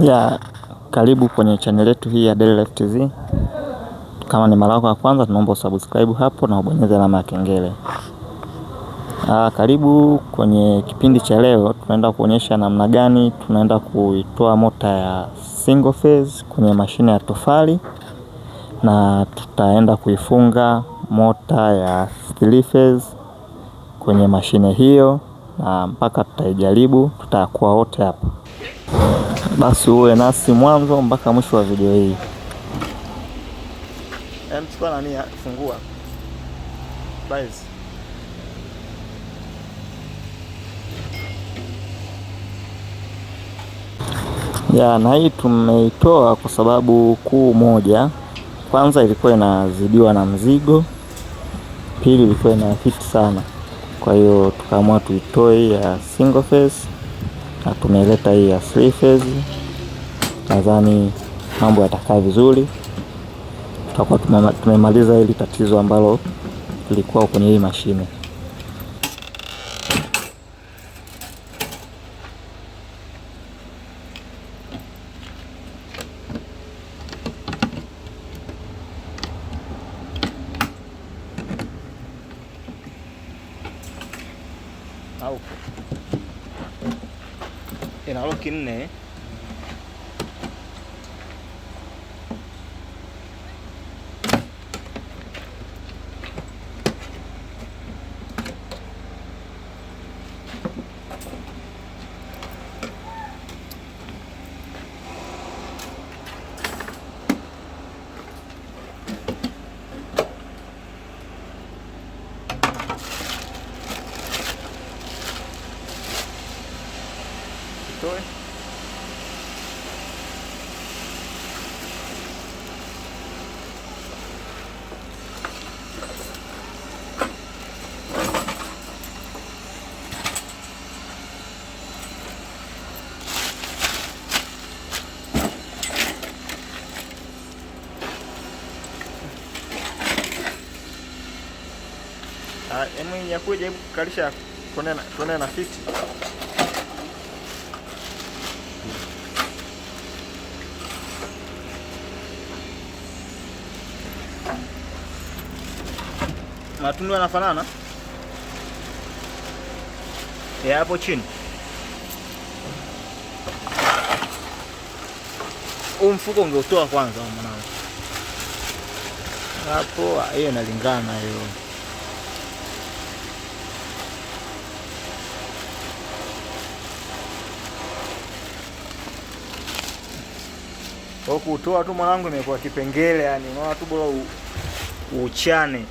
Ya karibu kwenye channel yetu hii ya Dailylife TV. Kama ni mara yako ya kwanza, tunaomba usubscribe hapo na ubonyeze alama ya kengele. Ah, karibu kwenye kipindi cha leo. Tunaenda kuonyesha namna gani tunaenda kuitoa mota ya single phase kwenye mashine ya tofali na tutaenda kuifunga mota ya three phase kwenye mashine hiyo na mpaka tutaijaribu, tutakuwa wote hapa. Basi uwe nasi mwanzo mpaka mwisho wa video hii. Yaani chukua nani, fungua basi. Ya, na hii tumeitoa kwa sababu kuu moja. Kwanza ilikuwa inazidiwa na mzigo, pili ilikuwa ina fiti sana. Kwa hiyo tukaamua tuitoe hii ya single phase na tumeleta hii ya three phase. Nadhani mambo yatakaa vizuri, tutakuwa tumemaliza hili tatizo ambalo lilikuwa kwenye hii mashine. au ina lock nne durch. Ah, Yakuja yaani hebu kukalisha tuone na fiti matundu yanafanana ya hapo chini. Huu mfuko ungeutoa kwanza mwanangu, hapo hiyo inalingana hiyo kutoa tu mwanangu, imekuwa kipengele yani, unaona tu bora uchane.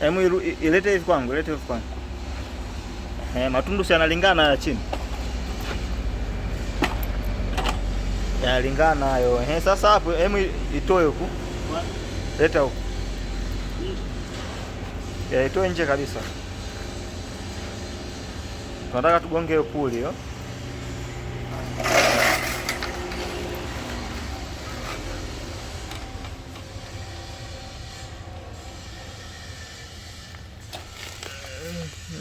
Hemu eh, ilete hivi kwangu, ilete hivi kwangu. Eh, matundu si yanalingana ya chini. Yanalingana hayo. Eh, sasa hapo hemu eh, itoe huku. Leta huku. Ya eh, itoe nje kabisa. Tunataka tugonge hiyo puli hiyo.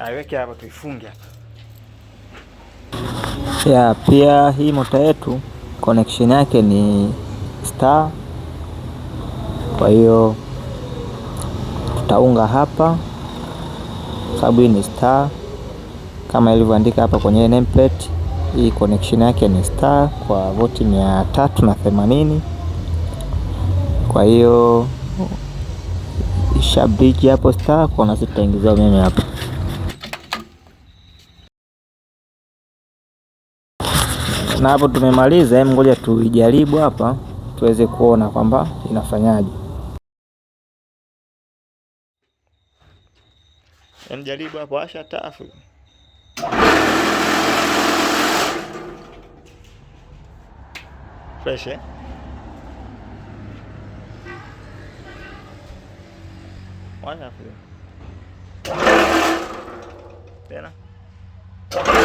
aiweke hapa, tuifunge hapa ya. Pia hii mota yetu connection yake ni star, kwa hiyo tutaunga hapa sababu hii ni star kama ilivyoandika hapa kwenye nameplate. Hii connection yake ni star kwa voti mia tatu na themanini kwa hiyo isha briki hapo star, kuna sitaingiza umeme hapa. na hapo tumemaliza. Hem, ngoja tuijaribu hapa tuweze kuona kwamba inafanyaje. Mjaribu hapo, asha tafu fresh eh? Tena